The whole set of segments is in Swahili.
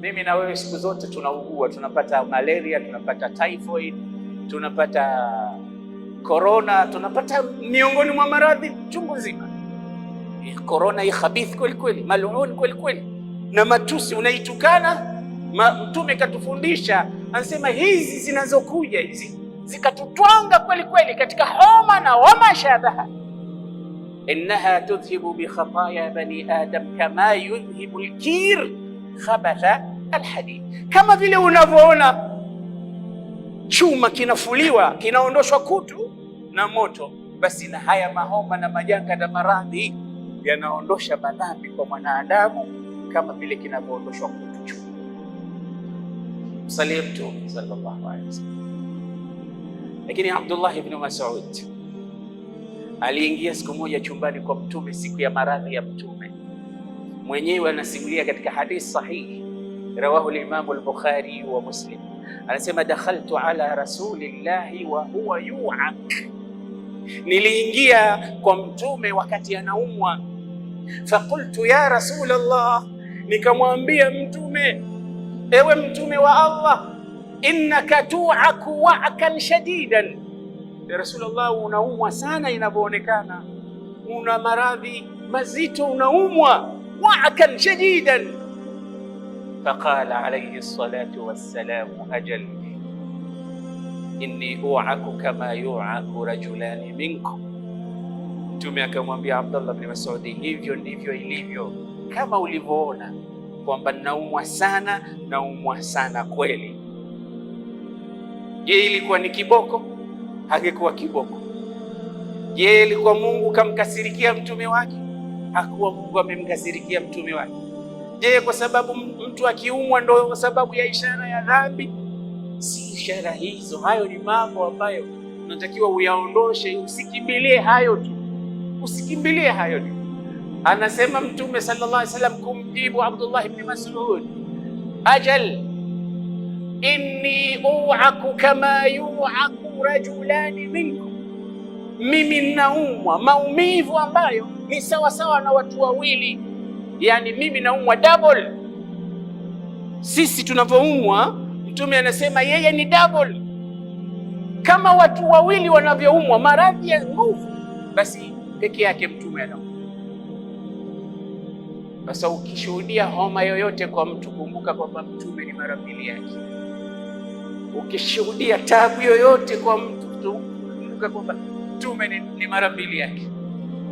Mimi na wewe siku zote tunaugua, tunapata malaria, tunapata typhoid, tunapata korona, tunapata miongoni mwa maradhi chungu nzima. Korona eh, hii khabithi kweli kweli, mal'un kweli kweli, na matusi unaitukana. Mtume katufundisha, anasema hizi zinazokuja hizi zikatutwanga kweli kweli katika homa na wamashadhaha innaha tudhhibu bikhataya bani adam kama yudhhibu lkir khabatha alhadid, kama vile unavyoona chuma kinafuliwa kinaondoshwa kutu na moto, basi na haya mahoma na majanga na maradhi yanaondosha madhambi kwa mwanadamu kama vile kinavyoondoshwa kutu chuma. salie Mtume sallallahu alaihi wasallam. Lakini Abdullah ibn Mas'ud aliingia siku moja chumbani kwa Mtume siku ya maradhi ya Mtume mwenyewe anasimulia katika hadithi sahihi, rawahu limamu imam al-Bukhari wa Muslim, anasema dakhaltu ala rasulillahi wa huwa yu'ak, niliingia kwa mtume wakati anaumwa. Faqultu ya rasul Allah, nikamwambia mtume, ewe mtume wa Allah, innaka tu'aku wa'kan shadidan, ya rasul Allah, unaumwa sana inavyoonekana, una maradhi mazito, unaumwa وعكا شديدا فقال عليه الصلاة والسلام أجل inni uaku kama yuaku rajulani minkum. Mtume akamwambia Abdullah bin Masudi, hivyo ndivyo ilivyo, kama ulivyoona kwamba naumwa sana, naumwa sana kweli. Je, ilikuwa ni kiboko? Hangekuwa kiboko. Je, ilikuwa Mungu kamkasirikia mtume wake? hakuwa Mungu amemkasirikia mtume wake? Je, kwa sababu mtu akiumwa ndo sababu ya ishara ya dhambi? Si ishara hizo, hayo ni mambo ambayo unatakiwa uyaondoshe, usikimbilie hayo tu, usikimbilie hayo tu. Anasema Mtume sallallahu alaihi wasallam kumjibu Abdullah ibn Mas'ud, ajal inni uaku kama yuaku rajulani minkum mimi ninaumwa maumivu ambayo ni sawasawa na watu wawili, yani mimi naumwa double. Sisi tunavyoumwa, Mtume anasema yeye ni double. Kama watu wawili wanavyoumwa maradhi ya nguvu, basi peke yake Mtume anaumwa. Sasa ukishuhudia homa yoyote kwa mtu, kumbuka kwamba Mtume ni mara mbili yake. Ukishuhudia tabu yoyote kwa mtu, kumbuka kwamba mtume ni, ni mara mbili yake.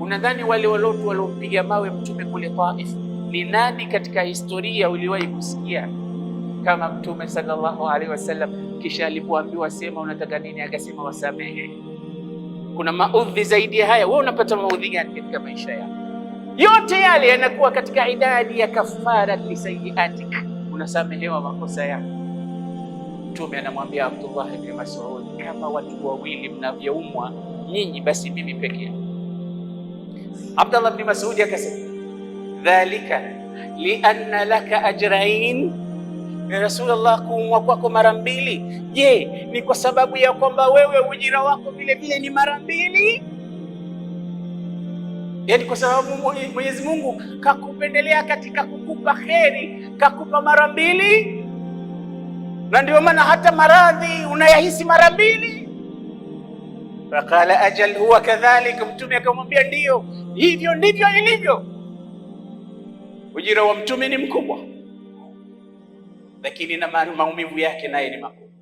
Unadhani wale walotu waliompiga mawe mtume kule Taif ni nani katika historia uliwahi kusikia kama mtume sallallahu alaihi wasallam? Kisha alipoambiwa sema unataka nini, akasema wasamehe. Kuna maudhi zaidi ya haya? Wewe unapata maudhi gani katika maisha yako? Yote yale yanakuwa katika idadi ya kafara lisayiatik, unasamehewa makosa yako. Mtume anamwambia Abdullah ibn Mas'ud, kama watu wawili mnavyoumwa nyinyi, basi mimi pekee. Abdallah bni Masudi akasema dhalika lianna laka ajrain, ya Rasulullah, kuumwa kwako mara mbili. Je, ni kwa sababu ya kwamba wewe ujira wako vile vile ni mara mbili? Yaani kwa sababu Mwenyezi Mungu kakupendelea katika kukupa kheri, kakupa mara mbili, na ndio maana hata maradhi unayahisi mara mbili. Faqala ajal huwa kadhalik, mtume akamwambia ndiyo, hivyo ndivyo ilivyo. Ujira wa mtume ni mkubwa, lakini na maumivu yake naye ni makubwa.